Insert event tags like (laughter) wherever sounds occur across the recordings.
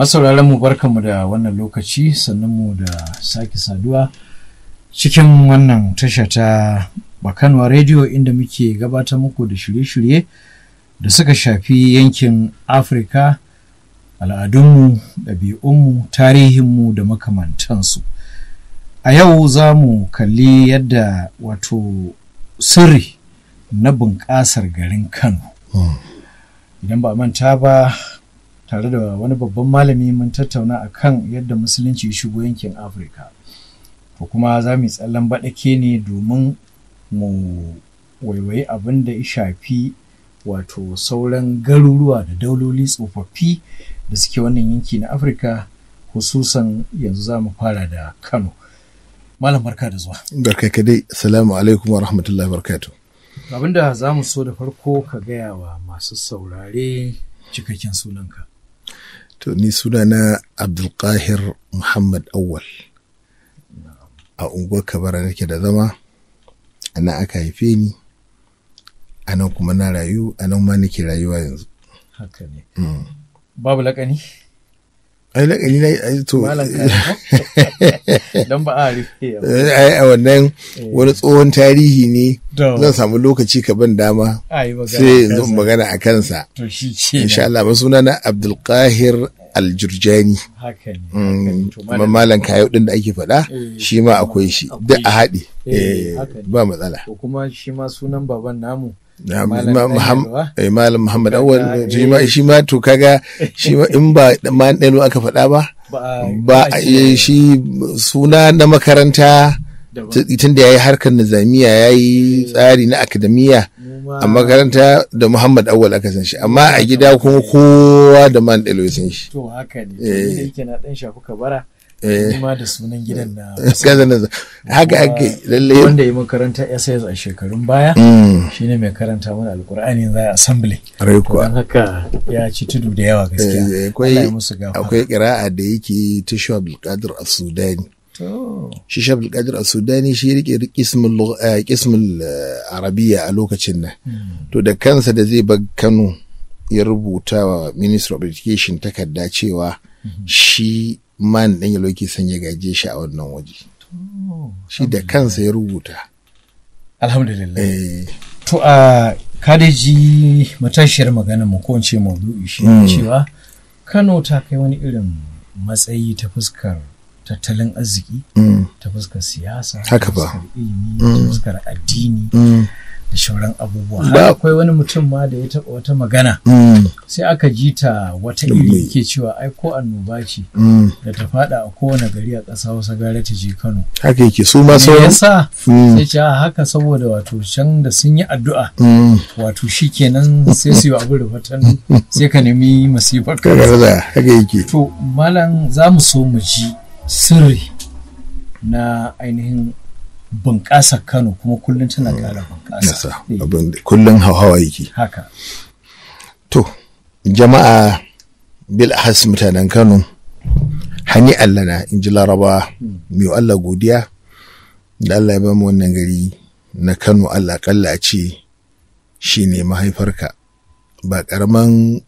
masauraran mu barkanmu da wannan lokaci sannan mu da sake saduwa cikin wannan tasha ta bakanwa rediyo inda muke gabata muku da shirye-shirye da suka shafi yankin afirka al'adunmu ɗabi'unmu tarihinmu da makamantansu a yau za mu kalli yadda wato sirri na bunƙasar garin kano hmm. idan ba manta ba tare da wani babban malami mun tattauna a kan yadda musulunci ya shigo yankin afirka to kuma za mu yi tsallan baɗake ne domin mu waiwayi abin da ya shafi wato sauran garuruwa da dauloli tsofaffi da suke wannan yanki na afirka hususan yanzu za mu fara da kano malam barka da zuwa barka ka dai salamu alaikum wa rahmatullahi barkatu abinda za mu so da farko ka gaya wa masu saurare cikakken sunanka To ni sunana Abdulkahir Muhammad Awal. A unguwar Kabara nake da zama, a aka haife ni, a nan kuma na rayu, a nan ma nake rayuwa yanzu. Haka mm. Babu laƙani? ai lakani na yi to (laughs) don ba a rufe eh, a wannan eh. wani tsohon tarihi ne zan samu lokaci ka ban dama sai yanzu magana a kansa insha Allah ba suna na abdulkahir Aljurjani mm, malam kayo din da ake faɗa eh. shi ma akwai shi duk a haɗe ba matsala kuma shi ma sunan baban namu Malam Muhammad eh, Awal shi ma to kaga shi ma in ba man aka faɗa ba ba shi suna na makaranta tun da ya yi harkar nizamiya ya yi eh. tsari na akademiya a makaranta da Muhammad Awal aka san shi amma a gida kuma kowa da man ɗalo ya san shi. To haka ne, eh. yake na ɗan shafuka bara. Eh. ma da sunan gidan na (laughs) haka ake lalle wanda ya makaranta SS a shekarun baya mm. shine mai karanta mana al'qur'ani za a assembly don haka ya ci tudu da yawa gaskiya eh, akwai akwai da yake ta Shu'ab al-Qadir as-Sudani shi Shu'ab al-Qadir as-Sudani shi rike qismul eh, qismul Arabiya a lokacin nan mm. to da kansa da zai bar Kano ya rubuta wa Ministry of Education takarda cewa mm-hmm. shi man ɗin yaloki san ya gaje shi a wannan waje shi da kansa ya rubuta alhamdulillah eh. to a kadeji matashiyar magana mu ko ce maudu'i shi hmm. cewa Kano ta kai wani irin matsayi ta fuskar tattalin arziki hmm. ta fuskar siyasa ta fuskar ilimi ta hmm. fuskar addini da shauran abubuwa Ba akwai wani mutum ma da ya taɓa wata magana mm. sai aka ji ta wata iri ke cewa ai ko annoba ce mm. da ta faɗa a kowane gari a ƙasa wasa gara ta je Kano haka yake su ma sauran yasa mm. sai ce ah, haka saboda wato can da sun yi addu'a wato shikenan sai su yi abu fatan. (laughs) sai ka nemi masifar ka haka yake to malam zamu so mu ji sirri na ainihin bunƙasar Kano kuma kullum tana ƙara mm. bunƙasa. Eh. Kullum hawa yake. Haka. To, jama'a bil ahas mutanen Kano hani Allah na inji ji Laraba mm. mai Allah godiya da Allah ya bamu wannan gari na Kano Allah kalla a ce shi ne mahaifarka ba karaman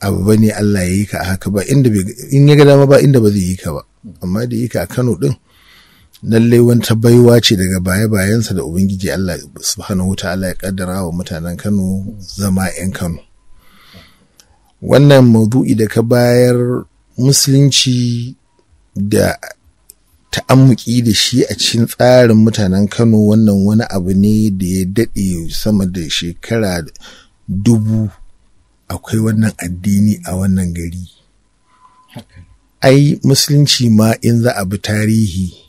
abu ba ne Allah ya yi ka haka ba inda in ya ga dama ba inda ba zai yi ka ba mm. amma da yi ka a Kano din. lallai wata baiwa ce daga baya-bayansa da ubangiji Allah subhanahu ta'ala ya kaddara wa mutanen Kano zama 'yan Kano. Wannan maudu'i da ka bayar musulunci da ta'ammuki da shi a cikin tsarin mutanen Kano wannan wani abu ne da ya daɗe sama da shekara dubu akwai wannan addini a wannan gari. Ai musulunci ma in za a bi tarihi.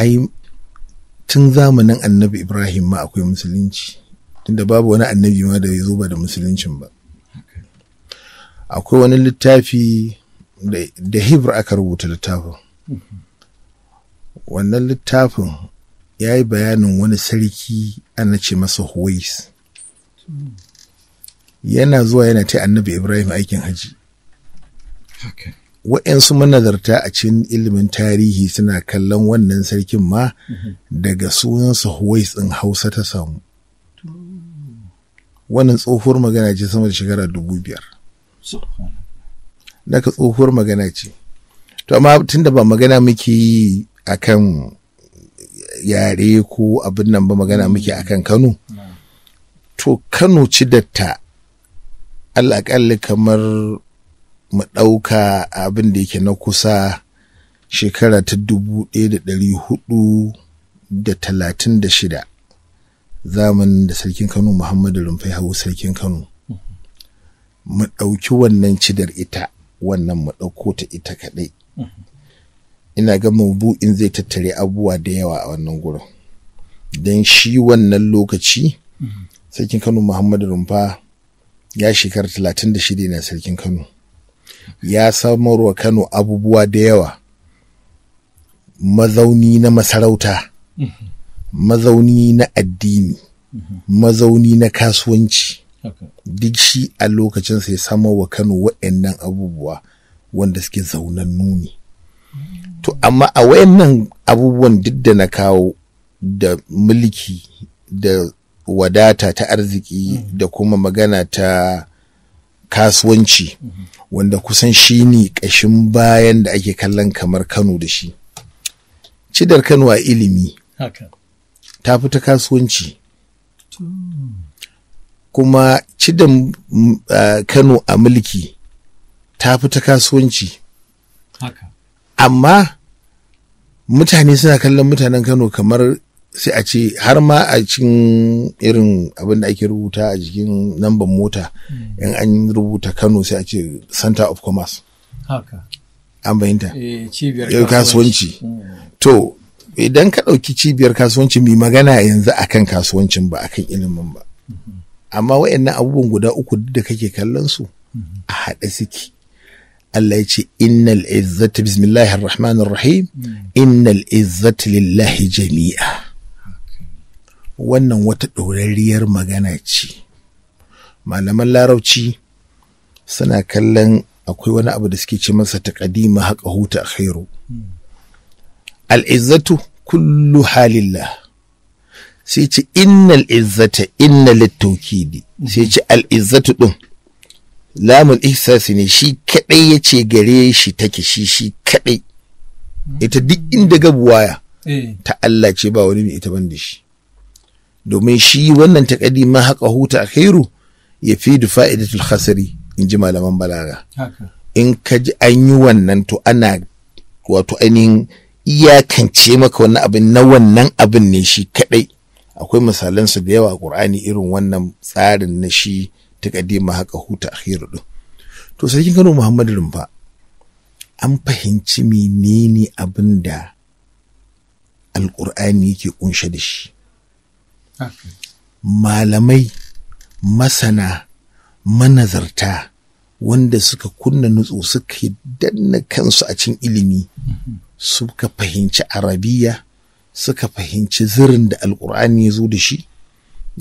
ai tun zamanin annabi ibrahim ma akwai musulunci tunda babu wani annabi ma da ya zo ba da musuluncin ba akwai wani littafi da hebrew aka rubuta littafin wannan littafin ya yi bayanin wani sarki ana ce masa huwais yana zuwa yana ta annabi ibrahim aikin haji waɗansu manazarta a cikin ilimin tarihi suna kallon wannan sarkin ma daga sunansa Huwais ɗin Hausa ta samu. Wannan tsohuwar magana ce sama da shekara dubu biyar. Daga tsohuwar magana ce. To amma tun da ba magana muke yi a kan yare ko abin nan ba magana muke a kan Kano. To Kano ci datta alaƙalli kamar mu ɗauka abin da yake na kusa shekara ta dubu ɗaya da ɗari hudu da talatin da shida zamanin da sarkin kano muhammadu rumfai hau sarkin kano mu ɗauki wannan cidar ita wannan mu ɗauko ta ita kaɗai ina ga mabu'in zai tattare abubuwa da yawa a wannan gurin don shi wannan lokaci sarkin kano muhammadu rumfa ya shekara talatin da shida na sarkin kano ya samarwa Kano abubuwa da yawa mazauni na masarauta mm-hmm. mazauni na addini mm-hmm. mazauni na kasuwanci duk shi a lokacin sai samar wa Kano waɗannan abubuwa wanda suke zaunan nuni mm. to amma a wayannan abubuwan duk da na kawo da mulki da wadata ta arziki mm. da kuma magana ta kasuwanci wanda kusan shi ne ƙashin bayan da ake kallon kamar Kano da shi. Cidar Kano a ilimi ta fita kasuwanci. Kuma cidar Kano a mulki ta fita kasuwanci. Amma mutane suna kallon mutanen Kano kamar sai a ce har ma a cikin irin abin da ake rubuta a jikin namban mota hmm. in an rubuta kano sai a ce center of commerce an bayanta eh, yau eh, kasuwanci to idan ka ɗauki cibiyar kasuwanci mai magana yanzu akan kasuwancin ba akan ilimin ba mm-hmm. amma waɗannan abubuwan guda uku da kake kallon su mm-hmm. a haɗe suke Allah ya ce innal izzati bismillahir rahmanir rahim mm. innal izzati lillahi jami'a wannan wata ɗorarriyar magana ce malaman larauci suna kallon akwai wani abu da suke ce masa ta ƙadima haƙa huta khairu al'izzatu kullu halillah sai ce inna al'izzata inna littaukidi sai ce al'izzatu ɗin lamun ihsasi ne shi kaɗai ya ce gare shi take shi shi kaɗai ita duk inda gabuwaya eh. ta Allah ce ba wani mai ita ban da shi domin shi wannan takadi ma haka huta khairu ya fi da fa'idatul khasari in ji malaman balaga in ka ji an yi wannan to ana wato ainihin iyakance maka wannan abin na wannan abin ne shi kaɗai akwai su da yawa a irin wannan tsarin na shi ma haka huta akhiru din to sarkin Kano Muhammadu Rumfa an fahimci menene abin da alƙur'ani yake ƙunshe da shi malamai masana manazarta wanda suka kunna nutsu suka danna kansu a cin ilimi suka fahimci arabiya suka fahimci zirin da alkur'ani ya zo da shi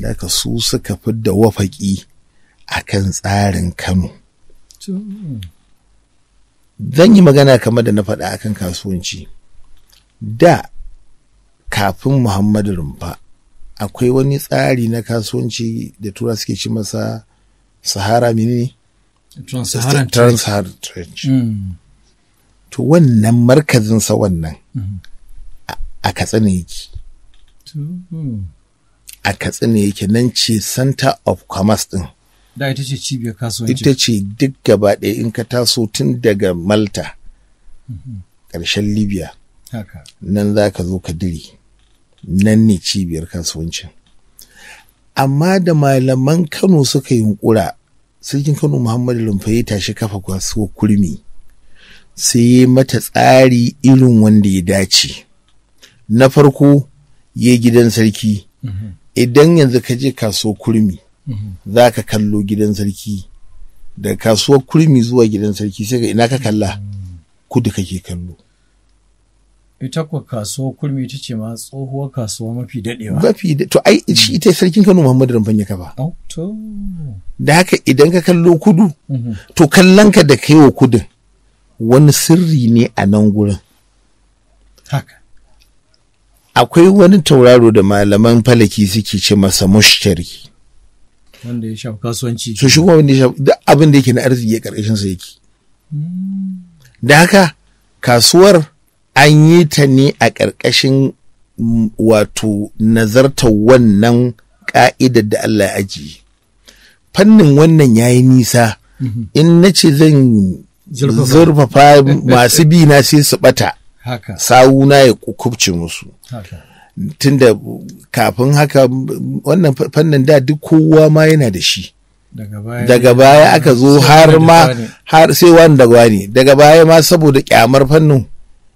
daga su suka fi da wafaƙi a kan tsarin kano zan yi magana kama da na faɗa akan kasuwanci da kafin muhammadu rumfa akwai wani tsari na kasuwanci da tura suke ci masa sahara mini. trans-saharan trench hmm. to wannan markazin sa wannan hmm. a katsina yake hmm. a katsina yake nan ce center of commerce din da ita ce cibiyar kasuwanci ita ce duk gaba ɗaya in ka taso tun daga malta ƙarshen libya nan za ka zo ka diri nan ne cibiyar kasuwancin amma da malaman kano suka yunkura sarkin kano muhammadu ya tashi kafa kasuwar kurmi sai ya mata tsari irin wanda ya dace na farko ya gidan sarki idan yanzu ka je kasuwar kurmi za ka kallo gidan sarki da kasuwar kurmi zuwa gidan sarki sai ga ina ka kalla kudu kake kallo ita kuwa kasuwar kurmi ita ce ma tsohuwar kasuwa mafi dadewa mafi to ai shi ita sarkin Kano Muhammadu Ramban ya kafa to da haka idan ka kallo kudu mhm. to kallon ka da wa kudin wani sirri ne a nan gurin haka akwai wani tauraro da malaman falaki suke ce masa mushtari wanda ya shafi kasuwanci so shi wanda ya shafi abin da yake na arziki ya karkashin sa yake mm. da haka kasuwar an yi ta ne a ƙarƙashin mm, wato nazartar wannan ƙa'idar da Allah ajiye. Fannin wannan ya yi nisa, mhm. in na ce zan zurfafa masu bi na sai su ɓata, sawuna ya kubce musu. Tunda kafin haka wannan fannin da duk kowa ma yana da shi. daga baya aka zo har ma har sai wani gwani daga baya ma saboda kyamar fannin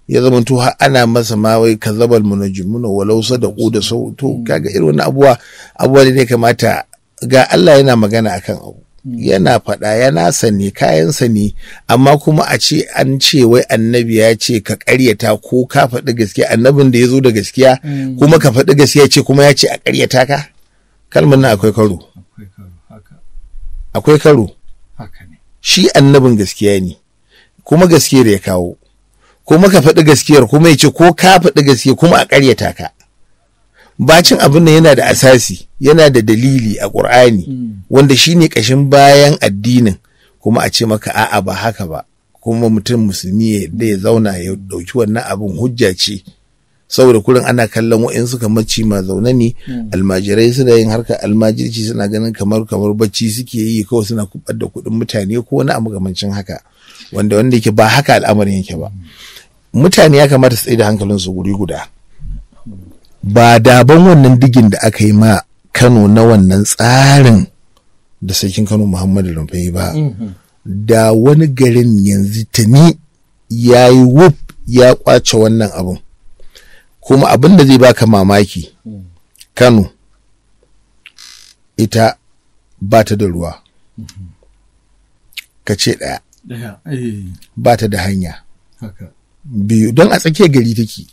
ya zama to har ana masa ma wai kazabal munajimuna walau Sadaku da sau to kaga irin wani abuwa abuwa da ya kamata ga Allah yana magana akan abu yana faɗa yana sani kayan sani. amma kuma a ce an ce wai annabi ya ce ka ƙaryata ko ka faɗi gaskiya annabin da ya zo da gaskiya mm. kuma ka faɗi gaskiya ce kuma ya ce a ƙaryata ka kalmar nan akwai karo akwai karo shi annabin gaskiya ne kuma gaskiyar ya kawo ko maka faɗi gaskiyar kuma ya ce ko ka faɗi gaskiya kuma a ƙaryata ka bacin abin nan yana da asasi yana da dalili a ƙur'ani hmm. wanda shine ƙashin bayan addinin kuma a ce maka a'a ba haka ba kuma mutum musulmi ya yadda ya zauna ya ɗauki wannan abin hujja ce saboda kurin ana kallon wa'in suka mace ma zaune ne hmm. almajirai suna yin harkar almajirci suna ganin kamar kamar bacci suke yi kawai suna kubar da kuɗin mutane ko wani abu haka wanda wanda yake ba haka al'amarin yake ba mutane ya kamata su tsai da su guri guda ba daban wannan digin da aka yi ma kano na wannan tsarin da sarkin kano muhammadu rumfai ba da wani garin yanzu tuni ya yi wuf ya kwace wannan abun kuma abin da zai baka mamaki kano ita ba ta da ruwa ka ce ɗaya Eh. ba ta da hanya biyu don a tsakiyar gari take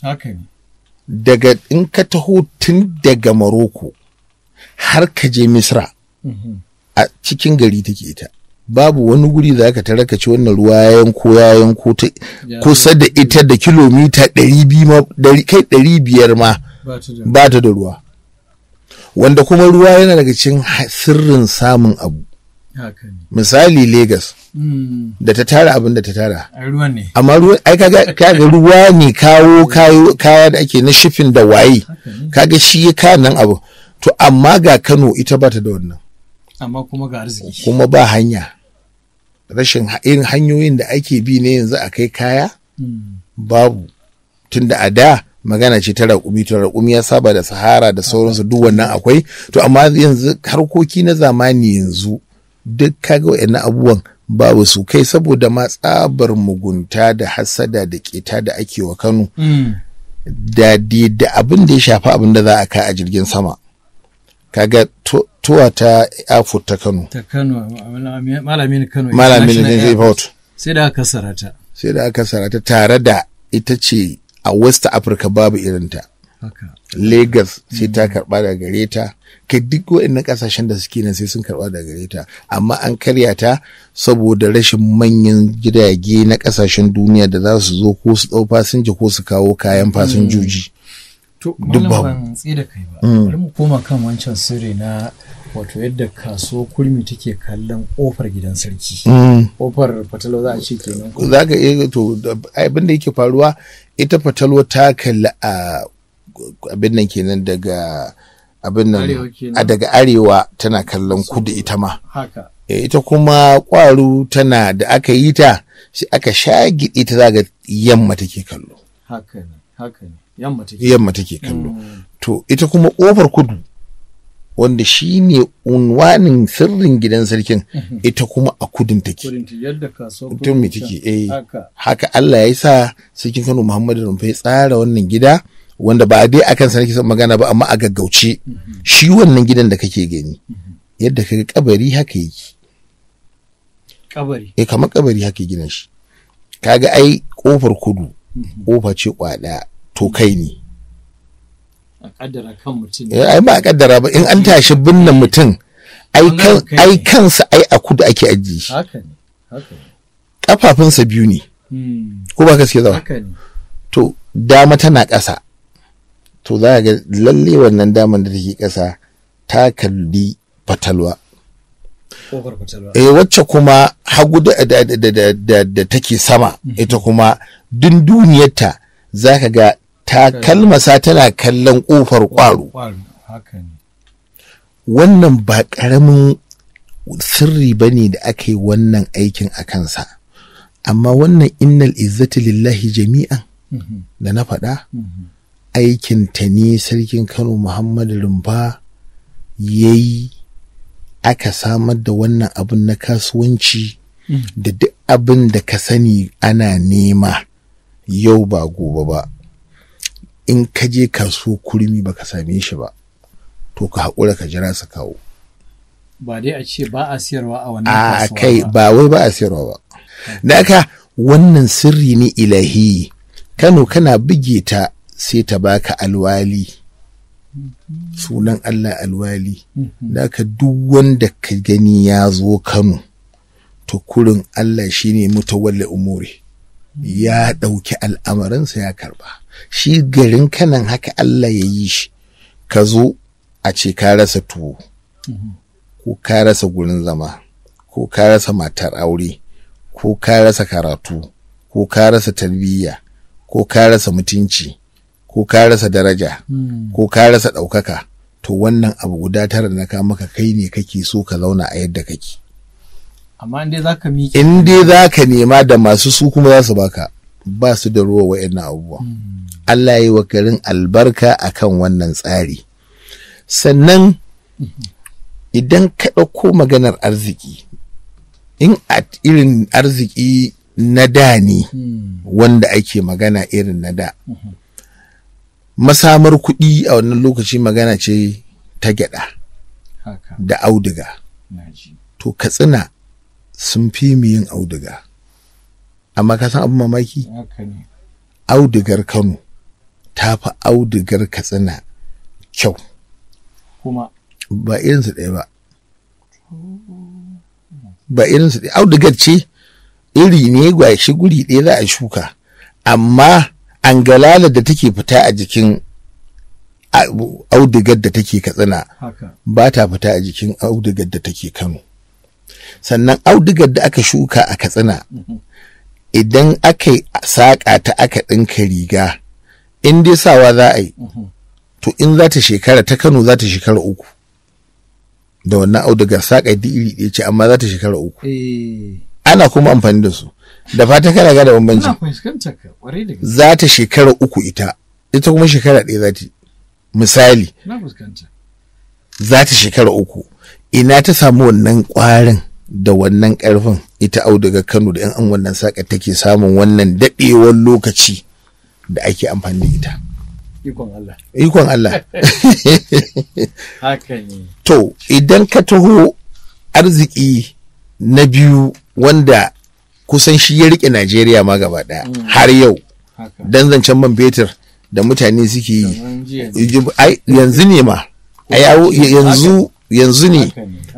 daga in ka taho tun daga maroko har ka je misra mm-hmm. a cikin gari take ita babu wani guri za ka tara ka ci wannan ruwa ya yanko ya yanko ta kusa da ita da kilomita kai ɗari biyar ma ba ta da ruwa wanda kuma ruwa yana daga cikin sirrin samun abu misali Legas mm. da ta tara abin da ta tara amma ruwa ne kaga ruwa ne kawo kaya da ake na shifin da waye kaga shi ya nan abu to amma ga Kano ita ba ta da wannan amma kuma ga arziki kuma ba hanya rashin irin hanyoyin da ake bi ne yanzu a kai kaya mm. babu tunda a da magana ce ta rakumi to rakumi ya saba da sahara da sauransu duk wannan akwai to amma yanzu harkoki na zamani yanzu duk kaga wa'annan abubuwan babu su kai saboda ma tsabar mugunta da hasada da keta da ake wa Kano mm. da da abin da ya shafi abin da za a kai a jirgin sama kaga tuwa ta airport ta Kano ta Kano malamin Kano malamin airport sai da aka sarata sai da aka sarata tare da ita ce a West Africa babu irinta Legas sai ta karba da gare ta kai duk waɗannan ƙasashen da suke nan sai sun karba da gare ta amma an karya ta saboda rashin manyan jirage na ƙasashen duniya da za su zo ko su ɗau fasinja ko su kawo kayan hmm. fasinjoji. To, malaman da kai ba, hmm. bari mu koma kan wancan sirri na wato yadda kaso kurmi take kallon kofar gidan sarki kofar hmm. fatalo za a ce kenan za ka iya to abin da yake faruwa ita fatalo ta kalli a ah, abin nan kenan daga abin nan a daga arewa tana kallon kudu ita ma eh, ita kuma kwaru tana da aka yi ta shi aka shagiɗe ta zaga yamma take kallo yamma take kallo mm. to ita kuma ƙofar kudu wanda shi ne unwanin sirrin gidan sarkin (laughs) ita kuma a kudin take mutum mai take eh haka Allah ya yi sa sarkin Kano Muhammadu Rumfai tsara wannan gida wanda ba dai akan sa nake son magana ba amma a gaggauce shi wannan gidan da kake gani yadda kaga kabari haka yake kabari eh kamar kabari haka gidan shi kaga ai kofar kudu kofa ce kwada to kai ne a kaddara kan mutum eh ai ba a kaddara ba in an tashi binne mutum ai kan ai kansa ai a kudu ake ajiye shi haka ne haka kafafunsa biyu ne hmm. ko ba ka suke zama to dama tana ƙasa to za ga lalle wannan daman da take ƙasa ta kalli fatalwa eh wacce kuma hagu da take sama mm-hmm. ita kuma dunduniyarta, duniyarta za ka ga ta kalmasa tana kallon ƙofar ƙwaro wannan ba ƙaramin sirri bane da aka yi wannan aikin a kansa amma wannan innal izzati lillahi jami'an mm-hmm. da na faɗa mm-hmm. aikinta ne sarkin kano muhammadu rumfa ya yi aka samar da wannan abin na kasuwanci da duk abin da ka sani ana nema yau ba gobe ba in ka je kaso kurmi ba ka same shi ba to ka haƙura ka jira su kawo ba dai a ce ba a siyarwa a wannan kasuwa a kai ba wai ba a siyarwa ba da aka wannan sirri ne ilahi kano kana bige ta sai ta baka alwali sunan Allah alwali mhm. da ka duk wanda ka gani ya zo Kano to kurin Allah shine mutawalli umuri ya ɗauki al'amarinsa ya karba shi garin kanan haka Allah ya yi shi ka zo a ce ka rasa tuwo mhm. ko ka rasa gurin zama ko ka rasa matar aure ko ka rasa karatu ko ka rasa tarbiyya ko ka rasa mutunci ko ka rasa daraja hmm. ko ka rasa ɗaukaka to wannan abu guda tara na ka maka kai ne kake so ka zauna a yadda kake amma in dai zaka miƙe in dai zaka nema da masu su kuma za su baka ba su da ruwa wa'annan abubuwa hmm. Allah ya yi wa garin albarka akan wannan tsari sannan hmm. idan ka ɗauko maganar arziki in a irin arziki na da ne wanda ake magana irin na da masamar kuɗi a wannan lokaci magana ce ta gyaɗa da auduga to katsina sun fi yin auduga amma ka san abin mamaki audugar kano ta fi audugar katsina kyau ba irinsu ɗaya ba ba irinsu ɗaya audugar ce iri ne gwashi guri ɗaya za a shuka amma angalala da take fita a jikin audigar da take katsina ba ta fita a jikin audigar da take kano sannan audigar da aka shuka a katsina mm-hmm. idan aka saƙa ta aka ɗinka riga in dai sawa za a yi mm-hmm. to in za ta shekara ta kano za ta shekara uku da wannan audigar saƙa da iri ɗaya ce amma za ta shekara uku eh. ana kuma amfani da su da fata kana gane bambanci za ta shekara uku ita ita kuma shekara ɗaya za ta misali za ta shekara uku ina ta samu wannan ƙwarin da wannan ƙarfin ita au daga kano da 'yan wannan saƙa take samun wannan daɗewar lokaci da ake amfani da ita ikon Allah ikon Allah (laughs) haka ne to idan ka taho arziki na biyu wanda kusan shi ya rike Najeriya ma gaba daya mm. har yau dan zancen man fetur da mutane suke yi yanzu ne ma yanzu yanzu ne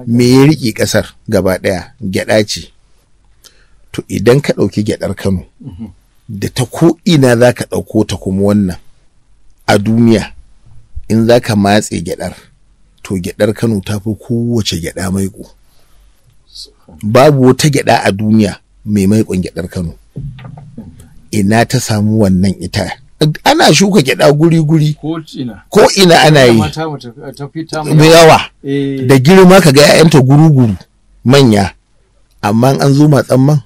me ya rike kasar gaba daya gyada ce to idan ka ɗauki gyadar Kano mhm. da ta ko ina za ka ɗauko ta kuma wannan a duniya in za ka matse gyadar to gyadar Kano ta fi kowace gyada maiko babu wata gyada a duniya mai mai gyaɗar kano ina ta samu wannan ita ana shuka gyaɗa guri-guri ko ina ana yi mai yawa eh. da girma ka ga 'ya'yanta guru-guru manya amma an zo matsamman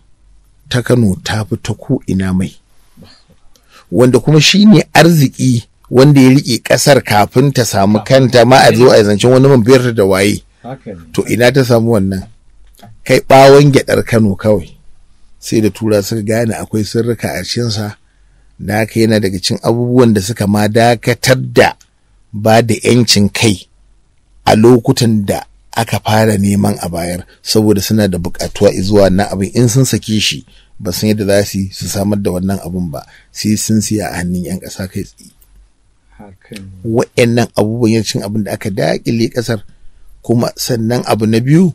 ta kano ta fita ko ina mai wanda kuma shi ne arziki wanda ya riƙe ƙasar kafin ta samu kanta ma a zo a zancen wani man da waye to ina ta samu wannan kai ɓawon gyaɗar kano kawai sai da tura suka gane akwai sirrika a cikinsa da aka yana daga cin abubuwan da suka ma dakatar da ba da 'yancin kai a lokutan da aka fara neman a bayar saboda suna da bukatuwa zuwa na abin in sun sake shi ba san yadda za su su samar da wannan abin ba sai sun siya a hannun 'yan ƙasa kai tsaye wa'annan abubuwan yancin abin da aka daƙile ƙasar kuma sannan abu na biyu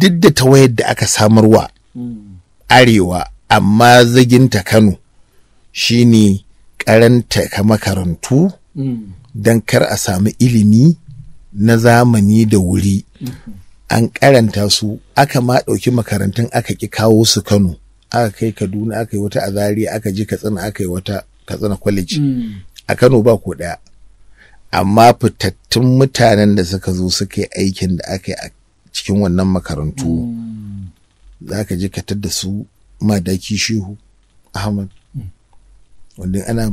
duk da ta wayar da aka samarwa hmm. arewa amma zaginta kano shine karanta makarantu mm. don kar a samu ilimi na zamani da wuri mm-hmm. an karanta su aka ma ɗauki makarantun aka ki kawo su kano aka kai kaduna aka yi wata azariya aka ji katsina aka yi wata katsina college mm. a kano ba ko ɗaya amma fitattun mutanen da suka zo suka yi aikin da aka yi a cikin wannan makarantu mm. za ka je ka da su madaki shehu ahmad wanda ana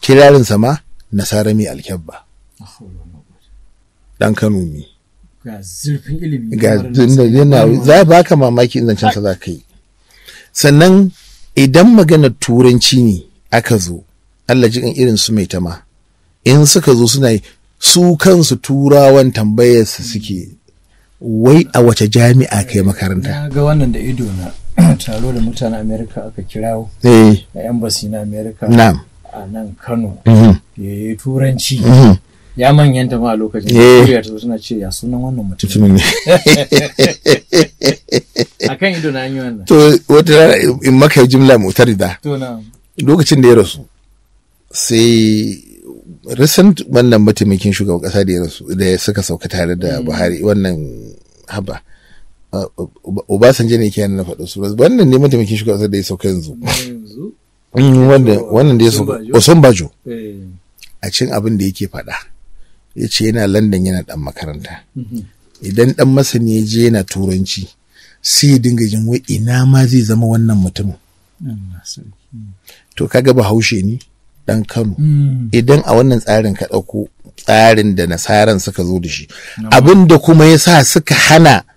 kirarin sama nasara mai alkyabba dan kano ne ga zurfin ilimi ga za ba ka mamaki zancen sa za ka yi sannan idan maganar turanci ne aka zo Allah kan irin su mai tama in suka zo suna yi su kansu turawan tambayarsa suke wai a wace jami'a kai makaranta Na ga wannan da ido na (clears throat) taro da mutanen Amerika aka kirawo eh. a embassy na Amerika a nan kano mhm. ya yi turanci mhm. ya manyanta ma a lokacin da eh. ta suna ce ya sunan wannan mutum ne (laughs) a kan ido na yi wannan to wata rana in maka jimla motar da lokacin da ya rasu sai recent wannan mataimakin shugaban kasa da ya suka sauka tare da hmm. buhari wannan haba obasanjo ne ke na faɗo su wannan ne mataimakin shugaban kasa da ya sauka yanzu hmm, wannan da ya sauka osunbajo eh. a cin abin da yake faɗa ya ce yana london yana ɗan makaranta mhm. idan ɗan masani ya je yana turanci sai ya dinga jin wa ina ma zai zama wannan mutumin to kaga bahaushe ne ɗan Kano hmm. idan a wannan tsarin ka ɗauko tsarin da nasaran suka zo da shi abinda kuma ya sa suka hana